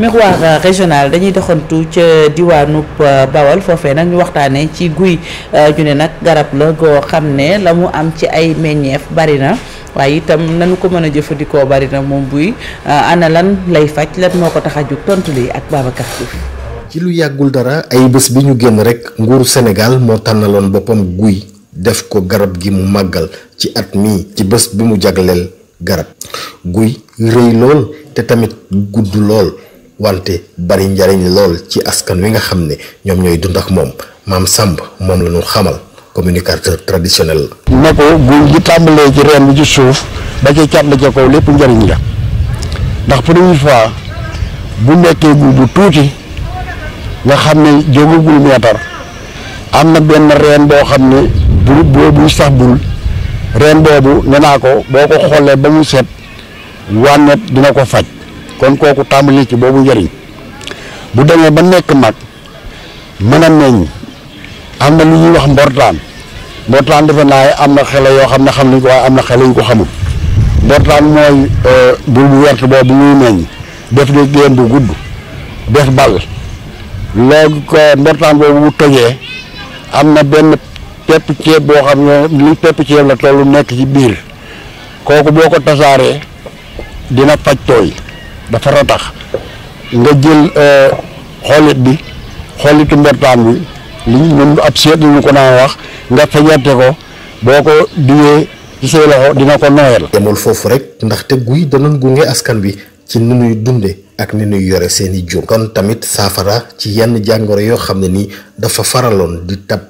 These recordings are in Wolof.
miroir euh, régional dañuy doxantu ca diwaanu euh, Bawal foofe nag ñu waxtaanee ci guy euh, ñu nag garab la goo xam ne la mu am ci ay meññeef bari na waaye itam nanu ko mën a jëfandikoo bari na moom buy ana lan lay faj lan moo ko tax a jóg tontu lii ak Babacar Diouf ci lu yàggul dara ay bés bi ñu génn rek nguur senegal moo tànnaloon boppam guy def ko garab gi mu màggal ci at mii ci bés bi mu jagleel garab guy rëy lool te tamit gudd lool wante bari njariñ lool ci askan wi nga xam ne ñoom ñooy dund ak moom maam Samb moom la ñu xamal communicateur traditionnel la. ne ko guy gi tàmbalee ci reen bi ci suuf ba ca cat la ca kaw lépp njariñ la ndax première fois bu nekkee guy bu tuuti nga xam ne jógagul meetar am na benn reen boo xam ne bu boobu sax bul reen boobu nee naa ko boo ko xoolee ba mu set wànnet dina ko faj. kon kooku tàmbali ci boobu njëriñ bu demee ba nekk mag mën a meññ am na lu ñuy wax mbortaan mbortaan defe naa am na xele yoo xam ne xam nañ ko waaye am na xele yu ko xamul mbortaan mooy euh, bul bu wert boobu muy meññ def de géen bu gudd def bal léegi ko mbortaan boobu bu tojee am na benn pepp ceeb boo xam ne li pepp ceeb la tollu nekk ci biir kooku boo ko tasaaree dina faj tooy dafa ratax nga jël euh, xoolit bi xoolitu mbertaan bi li ñun ab seet ñu ko naan wax nga fajarte ko boo ko diwee ci say loxo dina ko nooyal. yemul foofu rek ndax ndaxte guy danañ gunge askan bi ci ni nuy dunde ak ni nuy yore seeni jur kon tamit saafara ci yenn jàngoro yoo xam ne nii dafa faraloon di tab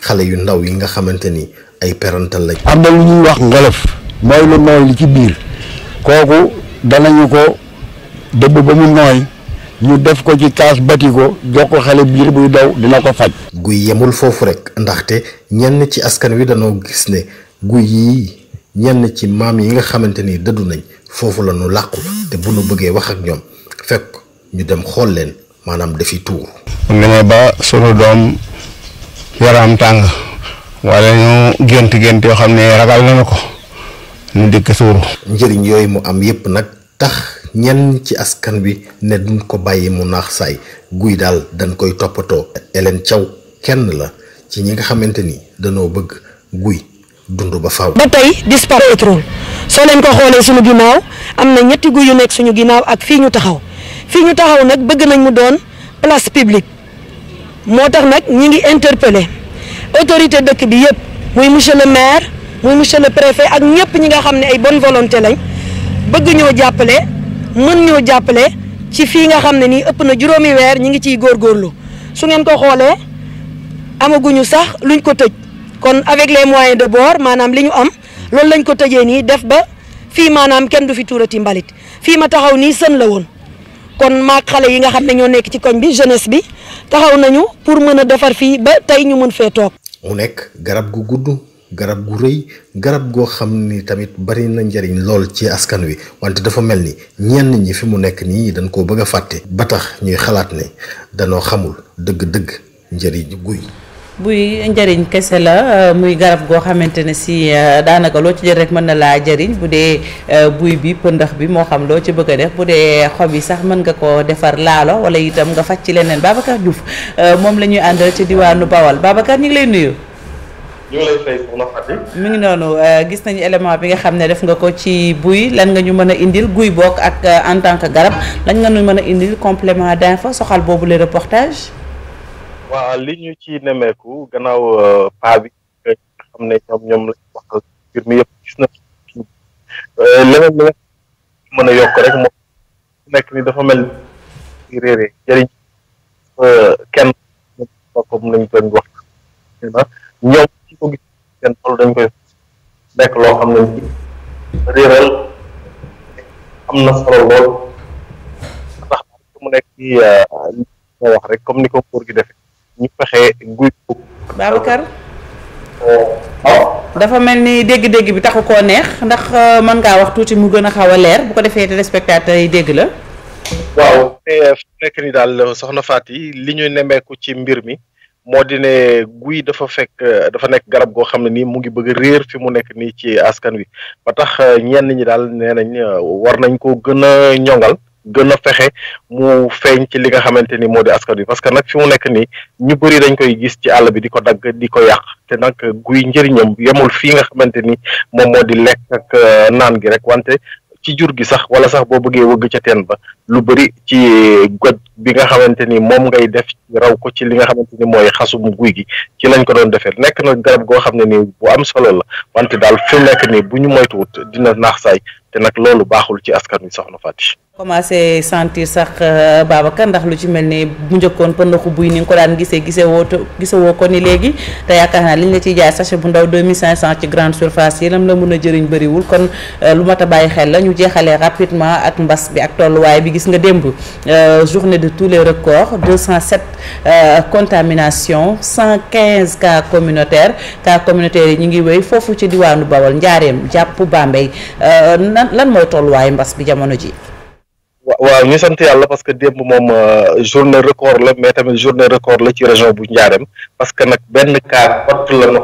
xale yu ndaw yi nga xamante ni ay perantal lañ. am na lu ñuy wax ngolof mooy lu nooy li ci biir kooku danañu ko. dëbb ba mu nooy ñu def ko ci kaas bati ko jox ko xale biir buy daw dina ko faj. guy yemul foofu rek ndaxte ñenn ci askan wi danoo gis ne guy yii ñenn ci maam yi nga xamante ni dëddu nañ foofu la ñu làqu te bu nu bëggee wax ak ñoom fekk ñu dem xool leen maanaam dafi tuur. ne ba sunu doom yaram tàng wala ñu gént gént yoo xam ne ragal nañu ko ñu dikk suuru. njëriñ yooyu mu am yépp nag tax. ñenn ci askan bi ne duñ ko bàyyi mu naax saay guy daal dañ koy toppatoo Hélène Thiaw kenn la ci ñi nga xamante ni danoo bëgg guy dund ba faaw. ba tey disparaître soo leen ko xoolee suñu ginnaaw am na ñetti guy yu nekk suñu ginnaaw ak fii ñu taxaw fii ñu taxaw nag bëgg nañ mu doon place publique moo tax nag ñi ngi interpellé autorité dëkk bi yëpp muy monsieur le maire muy monsieur le préfet ak ñëpp ñi nga xam ne ay bonne volonté lañ bëgg ñoo jàppale. mën ñoo jàppale ci fii nga xam ne nii ëpp na juróomi weer ñi ngi ciy góor góorlu su ngeen ko xoolee amaguñu sax luñ ko tëj kon avec les moyens de bord maanaam li ñu am loolu lañ ko tëjee nii def ba fii maanaam kenn du fi tuurati mbalit fii ma taxaw nii sën la woon kon maag xale yi nga xam ne ñoo nekk ci koñ bi jeunesse bi taxaw nañu pour mën a defar fii ba tey ñu mën fee toog. mu nekk garab gu gudd. garab gu rëy garab goo xam ni tamit bari na njariñ lool ci askan wi wante dafa mel ni ñenn ñi fi mu nekk nii dañ koo bëgg a fàtte ba tax ñuy xalaat ne danoo xamul dëgg-dëgg njariñ guy buy njëriñ kese la euh, muy garab goo xamante ne si euh, daanaka loo ci jël mën na laa jëriñ bu dee euh, buy bi pëndax bi moo xam loo ci bëgg a def bu dee xob yi sax mën nga ko defar laalo wala itam nga faj ci leneen Babacar Diouf moom la ñuy àndal ci diwaanu Bawal Babacar ñu ngi nuyu. mu ngi lay noonu euh, gis nañu élément bi nga xam ne def nga ko ci buy lan nga ñu mën a indil guy bokk ak euh, en tant que garab lan nga ñu mën a indil complément d'info soxal boobu le reportage. waaw li ñu ci nemeeku gannaaw euh, paa bi nga xam ne ñoom ñoom lañ mi yëpp na leneen mën a yokk rek moom nekk ni dafa mel ni réeré kenn ko comme nañ doon dañ koy nekk loo xam ne réeral am na solo lool ndax mu euh, comme ni ko nguur gi defee ñu fexe guy euh, ah? dafa mel ni dégg-dégg bi taxu koo neex ndax euh, mën ngaa wax tuuti mu gën a xaw a leer bu ko defee téléspectateur yi dégg la waaw nekk ni daal soxna Faty li ñuy nemeeku ci mbir mi moo di ne guy dafa fekk euh, dafa nekk garab goo xam ne nii mu ngi bëgg réer fi mu nekk nii ci askan wi ba tax euh, ñenn ñi daal nee nañ euh, war nañ ko gën a ñoŋal gën a fexe mu feeñ ci li nga xamante ni moo di askan wi parce que nag fi mu nekk nii ñu bëri dañ koy gis ci àll bi di ko dagg di ko yàq te nag guy njëriñam yemul fii nga xamante ni moom moo di lekk ak naan gi rek wante ci jur gi sax wala sax boo bëggee wëgg ca teen ba lu bëri ci goj bi nga xamante ni moom ngay def raw ko ci li nga xamante ni mooy xasum guy gi ci lañ ko doon defee nekk na garab goo xam ne ni bu am solo la wante daal fi mu nekk nii bu ñu moytuwut dina naax saay te nag loolu baaxul ci askan wi soxna Fatick. commencé sentir sax euh, Babacar ndax lu ci mel ni bu njëkkoon pëndaxu buy ni nga ko daan gisee gisee wooto gisee woo ni léegi te yaakaar naa liñ la ciy jaay sachet bu ndaw 2500 ci grande surface yi lam la mën a jëriñ bëriwul kon euh, lu mat a bàyyi xel la ñu jeexalee rapidement ak mbas bi ak tolluwaay bi gis nga démb euh, journée de tous les records 207 contamination 115 cas communautaires cas communautaires yi ñu ngi wéy foofu ci diwaanu Bawol Njaareem jàpp Bambey lan lan mooy tolluwaayu mbas bi jamono ji waaw ñu sant yàlla parce que démb moom euh, journée record la mais tamit journée record la ci région bu Ndiarème parce que nag benn cas kott la no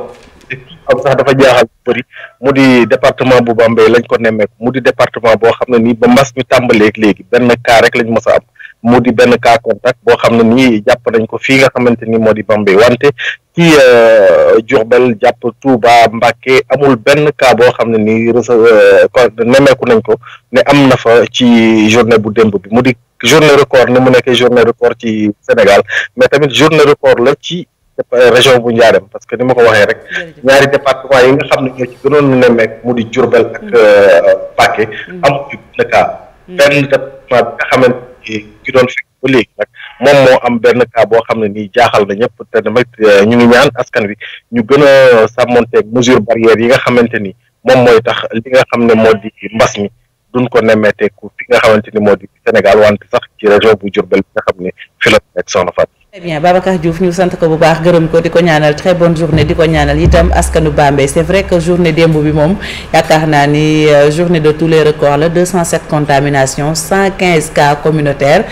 am sax dafa jaaxal bu bëri mu di département bu Bambey lañ ko nemmeeku mu di département boo xam ne nii ba mbas mi tàmbalee léegi benn cas rek lañ mës a am mu di benn cas contact boo xam ne nii jàpp nañ ko fii nga xamante ni moo di Bambey wante ci euh, Diourbel jàpp Touba Mbacké amul benn cas boo xam ne nii euh, nemeeku nañ ko ne am na fa ci journée bu démb bi mu di journée record ni mu nekkee journée record ci Sénégal mais tamit journée record la ci région bu Ndiarème parce que ni ma ko waxee rek ñaari département yi nga xam ne ñoo ci gënoon nemmeek mu di Diourbel ak mm. euh, Mbacké mm. amul ci benn cas mm. benn département nga xamante ni ki doon fekk ba léegi nag moom moo am benn cas boo xam ne nii jaaxal na ñëpp te tamit euh, ñu ngi ñaan askan wi ñu gën a sàmmonteeg mesure barrière yi nga xamante ni moom mooy tax li nga xam ne moo di mbas mi duñ ko nemmeeteeku fi nga xamante ni moo di Sénégal wante sax ci région bu Diourbel bi nga xam ne fi la nekk soxna Fatou. très bien sant ko bu baax gërëm ko di ko ñaanal très bonne journée di ko ñaanal itam askanu Bambey c'est vrai que journée démb bi moom yaakaar naa ni euh, journée de tous les records la 207 contaminations 115 cas communautaires.